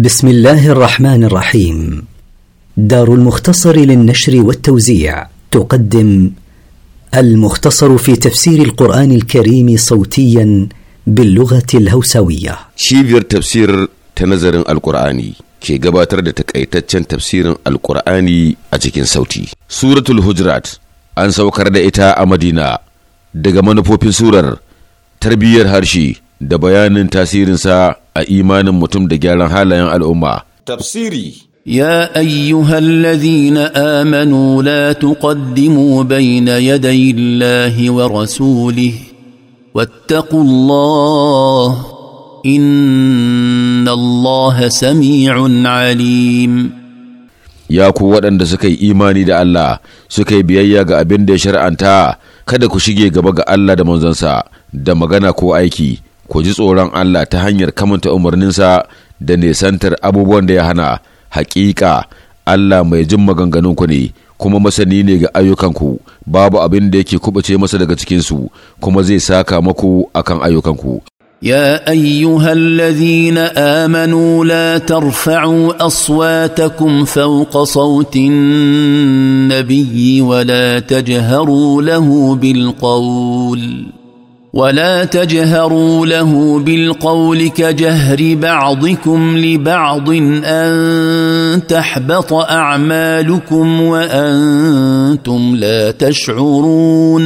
بسم الله الرحمن الرحيم دار المختصر للنشر والتوزيع تقدم المختصر في تفسير القرآن الكريم صوتيا باللغة الهوسوية شيفير تفسير تنظر القرآن كي قباتر تكأيتتشن تفسير القرآن أجيكين صوتي سورة الهجرات أنسو كرد إتاء مدينة دقمان فوبين سورر تربية هرشي da bayanin tasirinsa a imanin mutum da gyaran halayen al'umma. Tafsiri ya ايها الذين amanu لا تقدموا بين يدي الله wa واتقوا الله ان الله ya ku waɗanda suka yi imani da Allah suka yi biyayya ga abin da ya shar'anta kada ku shige gaba ga Allah da manzansa da magana ko aiki ku ji tsoron Allah ta hanyar kamanta umarninsa da nesantar abubuwan da ya hana hakika Allah mai jin maganganun ku ne kuma masani ne ga ayyukan ku babu abin da yake kubace masa daga cikin su kuma zai saka maku akan ayyukan ku يا ايها الذين امنوا لا ترفعوا اصواتكم فوق صوت النبي ولا تجهروا له بالقول Wala ولا تجهروا له بالقول كجهر بعضكم لبعض ان تحبط اعمالكم وانتم لا تشعرون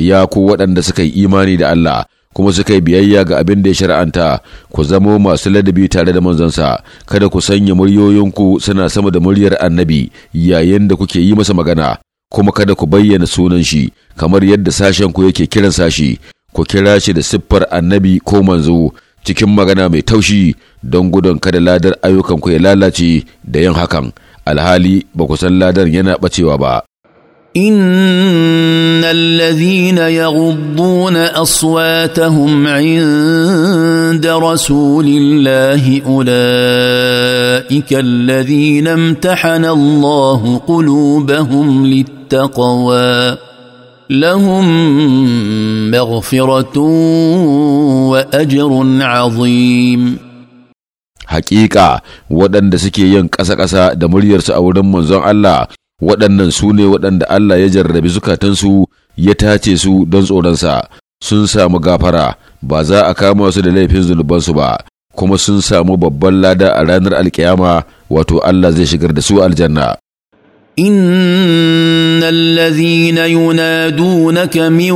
يا ku waɗanda suka yi imani da Allah kuma suka yi biyayya ga abin da ya shari'anta ku zamo masu ladabi tare da manzansa kada ku sanya muryoyinku suna sama da muryar annabi yayin da kuke yi masa magana kuma kada ku bayyana sunan shi kamar yadda sashen ku yake kiran sashi ku kira shi da siffar annabi ko manzo cikin magana mai taushi don gudun kada ladar ayyukan ku ya lalace da yin hakan alhali ba ku san ladar yana bacewa ba الذين يغضون اصواتهم عند رسول الله اولئك الذين امتحن الله قلوبهم للتقوى لهم مغفره واجر عظيم حقيقه ودن سكي ينكسى كسى دمريرس او دم الله waɗannan su ne waɗanda Allah ya jarrabi zukatansu ya tace su don tsoronsa sun samu gafara ba za a kama su da laifin zunubansu ba kuma sun samu babban lada a ranar alkiyama wato Allah zai shigar da su aljanna ان الذين ينادونك من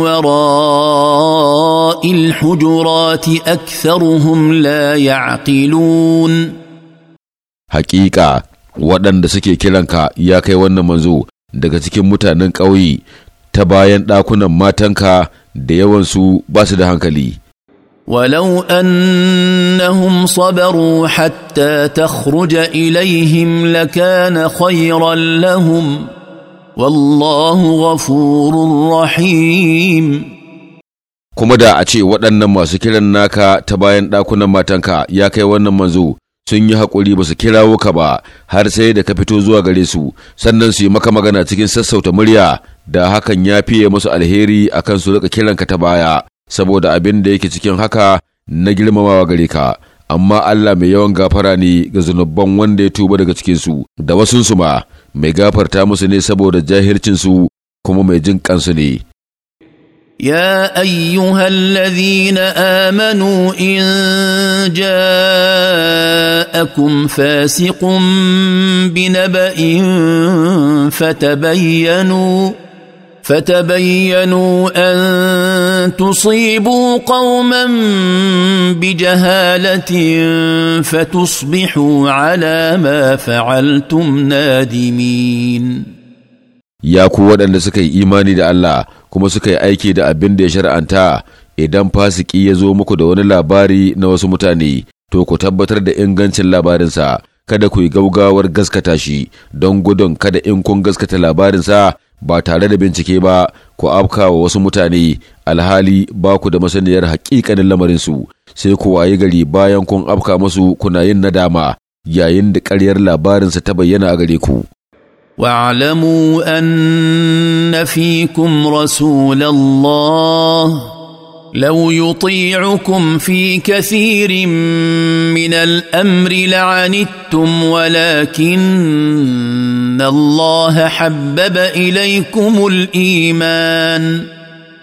وراء الحجرات اكثرهم لا يعقلون حقيقه waɗanda suke kiranka ya kai wannan manzo daga cikin mutanen ƙauye ta bayan ɗakunan matanka da yawansu ba su da hankali. ولو أنهم صبروا حتى takruja إليهم لكان خيرا لهم والله غفور رحيم kuma da a ce waɗannan masu kiran naka ta bayan ɗakunan matanka ya kai wannan manzo sun yi haƙuri ba su kirawo ka ba har sai da ka fito zuwa gare su sannan su yi maka magana cikin sassauta murya da hakan ya fiye musu alheri a kan su rika kiranka ta baya saboda abin da yake cikin haka na girmamawa gare ka amma Allah mai yawan gafara ne ga zunubban wanda ya tuba daga cikinsu da wasunsu ma mai gafarta musu ne saboda su kuma mai jin kansu ne يا ايها الذين امنوا ان جاءكم فاسق بنبأ فتبينوا فتبينوا ان تصيبوا قوما بجهاله فتصبحوا على ما فعلتم نادمين ya ku waɗanda suka yi imani da Allah kuma suka yi aiki da abin da ya shar'anta idan fasiki ya zo muku da wani labari na wasu mutane to ku tabbatar da ingancin labarinsa kada ku yi gaugawar gaskata shi don gudun kada in kun gaskata labarinsa ba tare da bincike ba ku afka wa wasu mutane alhali ba ku da masaniyar haƙiƙanin lamarinsu sai ku wayi gari bayan kun afka masu kuna yin nadama yayin da ƙaryar labarinsa ta bayyana a gare ku. واعلموا ان فيكم رسول الله لو يطيعكم في كثير من الامر لعنتم ولكن الله حبب اليكم الايمان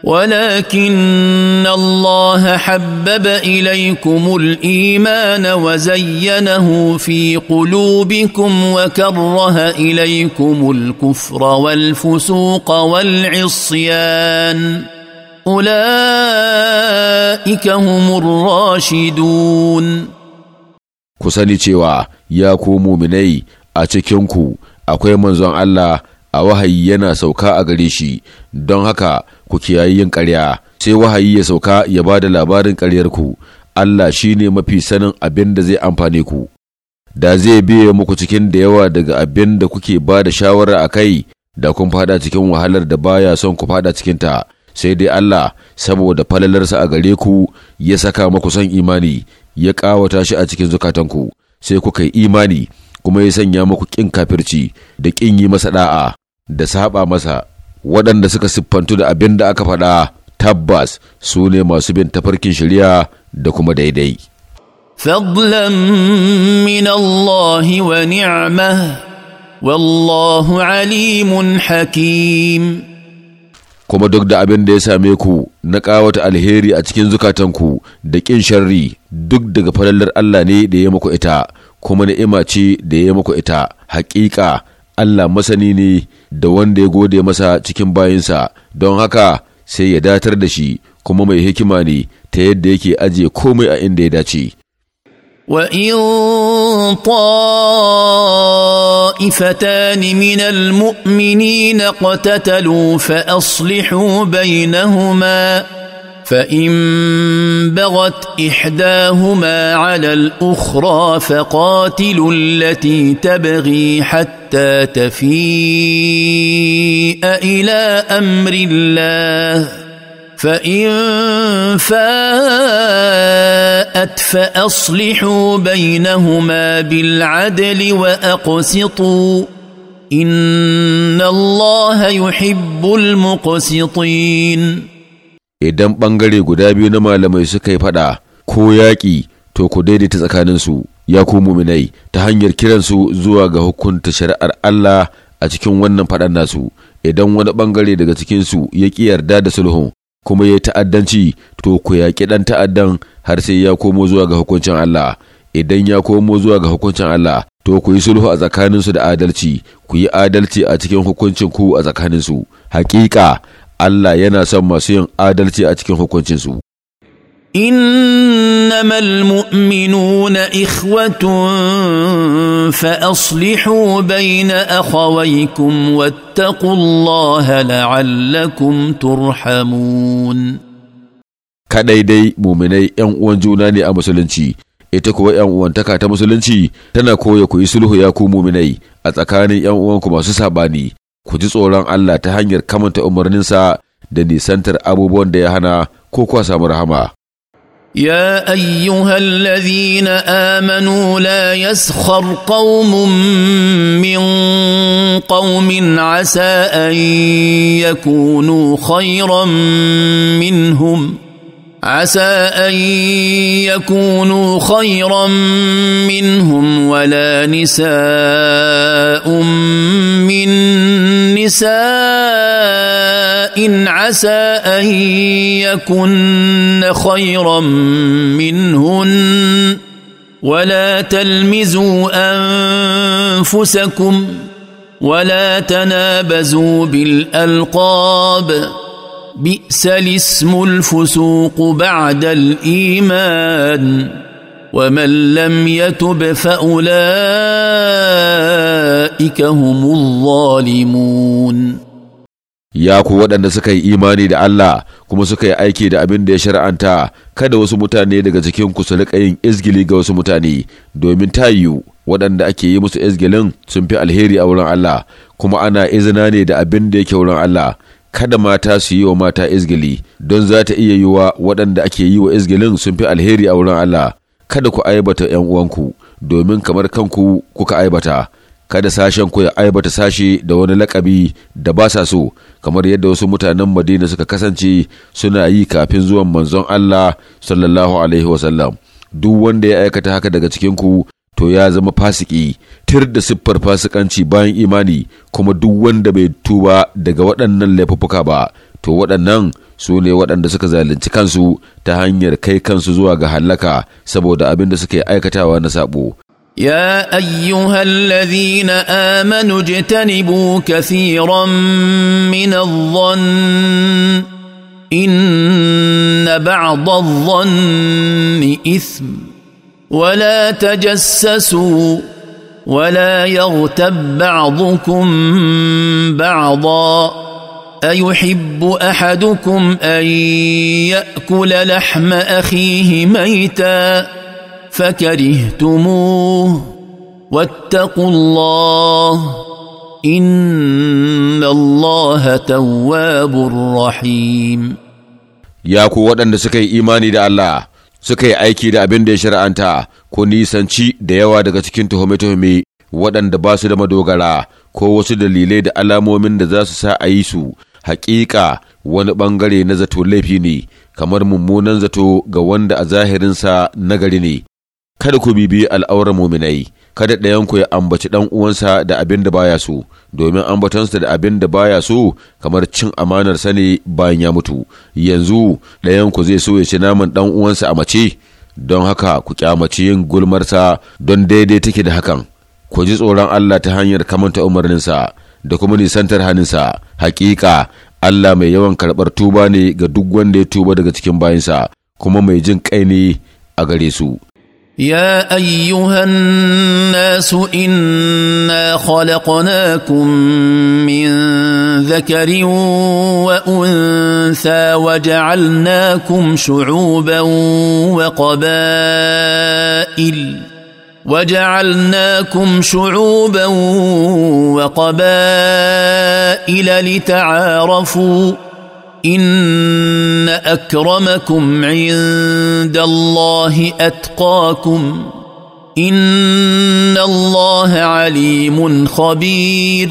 ولكن الله حبب اليكم الايمان وزينه في قلوبكم وكره اليكم الكفر والفسوق والعصيان اولئك هم الراشدون كساني sani cewa ya ku muminai اكوي cikinku الله a wahayi yana sauka a gare shi don haka ku kiyayi yin ƙarya sai wahayi ya sauka ya ba da labarin ƙaryarku Allah shi ne mafi sanin abin da zai amfane ku da zai biye muku cikin da yawa daga abin da kuke ba da shawara a kai da kun fada cikin wahalar da baya son ku fada cikin ta sai dai Allah saboda falalarsa a gare ku ya saka maku son imani ya kawata shi a cikin zukatanku sai kuka yi imani kuma ya sanya muku ƙin kafirci da ƙin yi masa da'a da saba masa waɗanda suka siffantu da abin da aka faɗa tabbas su ne masu bin tafarkin shari'a da kuma daidai. Fadlan min Allah wa ونعمه wallahu alimun Hakim. kuma duk da abin da ya same ku na ƙawata alheri a cikin zukatanku da ƙin sharri duk daga falallar Allah ne da ya muku ita kuma ni'ima ce da ya muku ita haƙiƙa Allah masani ne da wanda ya gode masa cikin bayinsa, don haka sai ya datar da shi kuma mai hikima ne ta yadda yake ajiye komai a inda ya dace. وإن طائفتان من المؤمنين اقتتلوا فأصلحوا بينهما فان بغت احداهما على الاخرى فقاتلوا التي تبغي حتى تفيء الى امر الله فان فاءت فاصلحوا بينهما بالعدل واقسطوا ان الله يحب المقسطين idan bangare guda biyu na malamai suka yi faɗa ko yaƙi to ku daidaita tsakaninsu ya ku muminai ta hanyar kiransu zuwa ga hukunta shari'ar Allah a cikin wannan faɗan nasu idan wani bangare daga cikinsu ya ƙi yarda da sulhun kuma ya ta'addanci to ku yaƙi ɗan ta'addan har sai ya komo zuwa ga hukuncin Allah idan ya komo zuwa ga hukuncin Allah to ku yi sulhu a tsakaninsu da adalci ku yi adalci a cikin hukuncin ku a tsakaninsu haƙiƙa. Allah yana son masu yin adalci a cikin hukuncinsu. إنما المؤمنون إخوة فأصلحوا بين أخويكم واتقوا الله la'allakum turhamun. Kaɗai dai muminai ‘yan uwan juna ne a musulunci, ita kuwa ‘yan uwantaka ta musulunci tana koya ku yi sulhu ya ku muminai a tsakanin ‘yan uwanku masu saɓani. ku ji tsoron Allah ta hanyar kamanta umarninsa da nisantar abubuwan da ya hana ko kuwa samu rahama. يا ايها الذين امنوا لا يسخر قوم من قوم عسى ان يكونوا خيرا منهم عسى ان يكونوا خيرا منهم ولا نساء من نساء عسى ان يكن خيرا منهن ولا تلمزوا انفسكم ولا تنابزوا بالالقاب بئس الاسم الفسوق بعد الايمان ومن لم يتب فأولئك هم الظالمون ya ku waɗanda suka yi imani da Allah kuma suka yi aiki da abin da ya shar'anta kada wasu mutane daga cikin ku su riƙa yin izgili ga wasu mutane domin ta yiwu waɗanda ake yi musu izgilin sun fi alheri a wurin Allah kuma ana izina ne da abin da yake wurin Allah kada mata su yi wa mata izgili don za ta iya yiwa waɗanda ake yi wa izgilin sun fi alheri a wurin Allah kada ku aibata ‘yan uwanku, domin kamar kanku kuka aibata, kada sashen ku ya aibata sashe da wani lakabi da ba sa so, kamar yadda wasu mutanen Madina suka kasance suna yi kafin zuwan manzon Allah sallallahu Alaihi wasallam. Duk wanda ya aikata haka daga cikinku to ya zama fasiki, tir da siffar fasikanci bayan imani, kuma duk wanda bai tuba daga waɗannan laifuffuka ba. to waɗannan su ne waɗanda suka zalunci kansu ta hanyar kai kansu zuwa ga hallaka saboda abin da suke aikatawa na saɓo. يا ايها الذين امنوا اجتنبوا كثيرا من الظن ان بعض الظن اثم ولا تجسسوا ولا يغتب بعضكم بعضا ايحب احدكم ان ياكل kula اخيه ميتا فكرهتموه واتقوا الله ان الله تواب رحيم ya ku waɗanda suka yi imani da Allah suka aiki da abin da ya shari'anta ku nisanci da yawa daga cikin tuhume-tuhume waɗanda ba su da madogara ko wasu dalilai da alamomin da za su sa a yi su hakika wani bangare na zato laifi ne kamar mummunan zato ga wanda a zahirinsa nagari ne kada ku bibi al'aurar muminai kada ɗayanku ya ambaci ɗan uwansa da abin da baya so domin ambatonsa da abin da baya so kamar cin amanar ne bayan ya mutu yanzu ɗayanku zai so ya ci naman ɗan uwansa a mace don haka ku kyamaci yin gulmarsa don daidai take da hakan ku ji tsoron Allah ta hanyar kamanta umarninsa da kuma nisantar haninsa hakika Allah mai yawan karɓar tuba ne ga duk wanda ya tuba daga cikin bayansa kuma mai jin kai ne a gare su يا ايها الناس انا خلقناكم من ذكر وانثى وجعلناكم شعوبا وقبائل وجعلناكم شعوبا وقبائل لتعارفوا ان اكرمكم عند الله اتقاكم ان الله عليم خبير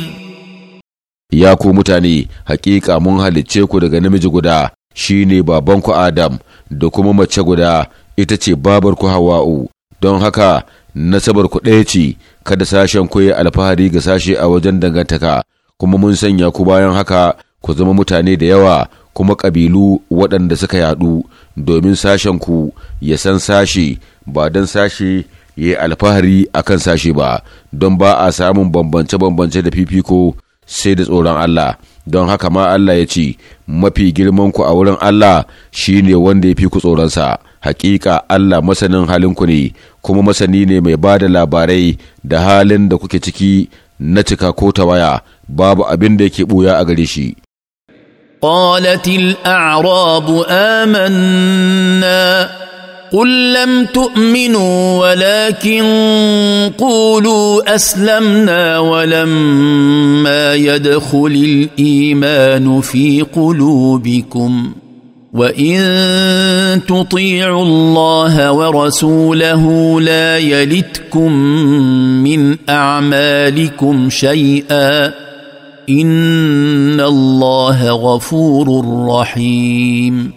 ya ku mutane hakika mun halicce ku daga namiji guda shine babanku adam da kuma mace guda ita ce babarku hawa'u don haka nasabar ku ɗaya ce kada sashen ku alfahari ga sashe a wajen dangantaka kuma mun sanya ku bayan haka ku zama mutane da yawa kuma ƙabilu waɗanda suka yaɗu domin sashen ku ya san sashe ba don sashe ya yi alfahari a kan sashe ba don ba a samun bambance-bambance da fifiko sai da tsoron Allah don haka ma Allah ya ce mafi girmanku a wurin Allah shi ne wanda ya fi ku tsoronsa. hakika Allah masanin halinku ne kuma masani ne mai ba da labarai da halin da kuke ciki na cika ko ta waya babu abin da yake buya a gare shi. قالت الأعراب آمنا قل لم تؤمنوا ولكن قولوا أسلمنا ولما يدخل الإيمان في قلوبكم ۖ وان تطيعوا الله ورسوله لا يلتكم من اعمالكم شيئا ان الله غفور رحيم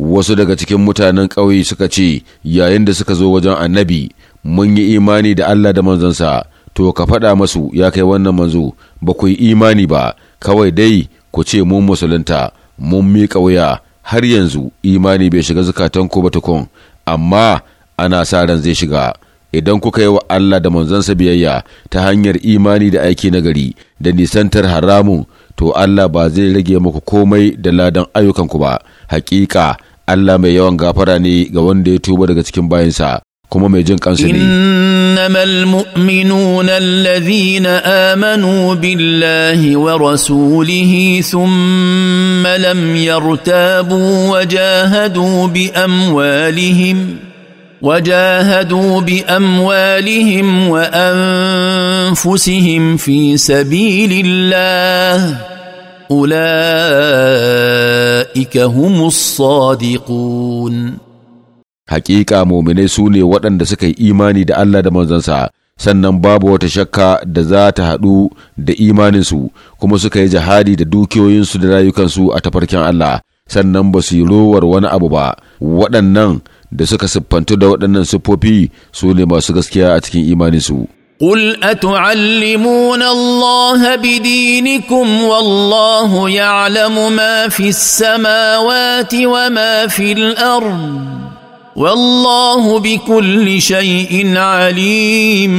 wasu daga cikin mutanen ƙauye suka ce yayin da suka zo wajen annabi mun yi imani da Allah da manzonsa to ka faɗa masu ya kai wannan manzo ba ku yi imani ba kawai dai ku ce mun musulunta mun miƙa wuya har yanzu imani bai shiga zukatan ko ba tukun amma ana sa ran zai shiga idan kuka yi wa Allah da manzansa biyayya ta hanyar imani da aiki na gari da nisantar haramun to Allah ba zai rage muku komai da ladan ayyukanku ba hakika Allah mai yawan gafara ne ga wanda ya tuba daga cikin bayansa kuma mai jin kansu ne إنما المؤمنون الذين آمنوا بالله ورسوله ثم لم يرتابوا وجاهدوا بأموالهم وجاهدوا بأموالهم وأنفسهم في سبيل الله أولئك هم الصادقون Hakika muminai su ne waɗanda suka yi imani da Allah da manzansa, sannan babu wata shakka da za ta haɗu da imaninsu, kuma suka yi jihadi da dukiyoyinsu da rayukansu a tafarkin Allah, sannan ba su yi rowar wani abu ba. Waɗannan da suka siffantu da waɗannan siffofi su ne masu gaskiya a cikin imaninsu. قل اتعلمون الله بدينكم والله يعلم ما في السماوات وما في الارض والله بكل شيء عليم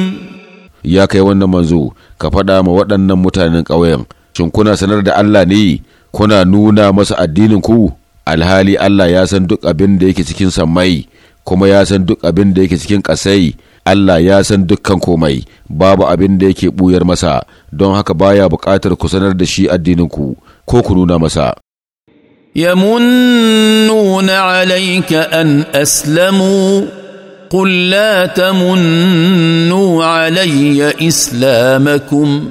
يا كي wannan manzo ka faɗa ma waɗannan mutanen ƙauyen shin kuna sanar da Allah ne kuna nuna masa addinin ku alhali Allah ya san duk abin da yake cikin sammai kuma ya san duk abin da yake cikin ƙasai Allah ya san dukkan komai babu abin da yake ɓuyar masa don haka baya buƙatar ku sanar da shi addinin ku ko ku nuna masa يمنون عليك ان اسلموا قل لا تمنوا علي اسلامكم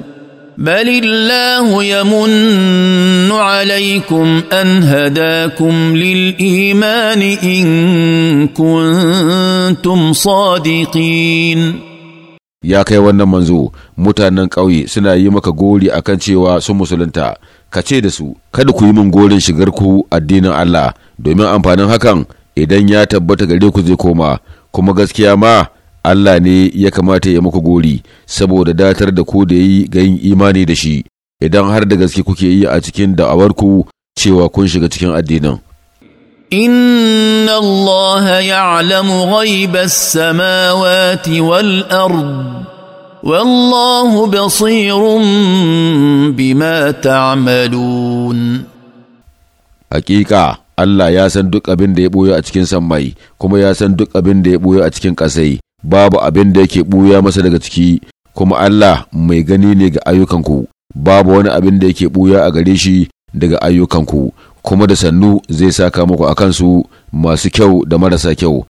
بل الله يمن عليكم ان هداكم للايمان ان كنتم صادقين ya kai wannan manzo mutanen ƙauye suna yi maka gori a kan cewa sun musulunta ka ce da su kada ku yi min gorin shigar ku addinin Allah domin amfanin hakan idan ya tabbata gare ku zai koma kuma gaskiya ma Allah ne ya kamata ya muku gori saboda datar da ku da yi ga yin imani da shi idan har da gaske kuke yi a cikin da'awarku cewa kun shiga cikin addinin ان الله يعلم غيب السماوات والارض والله بصير بما تعملون حقيقه Allah ya san duk abin da ya buya a cikin sammai kuma ya san duk abin da ya buya a cikin ƙasai babu abin da yake buya masa daga ciki kuma Allah mai gani ne ga ayyukanku babu wani abin da yake buya a gare shi daga ayyukanku kuma da sannu zai saka muku a kansu masu kyau da marasa kyau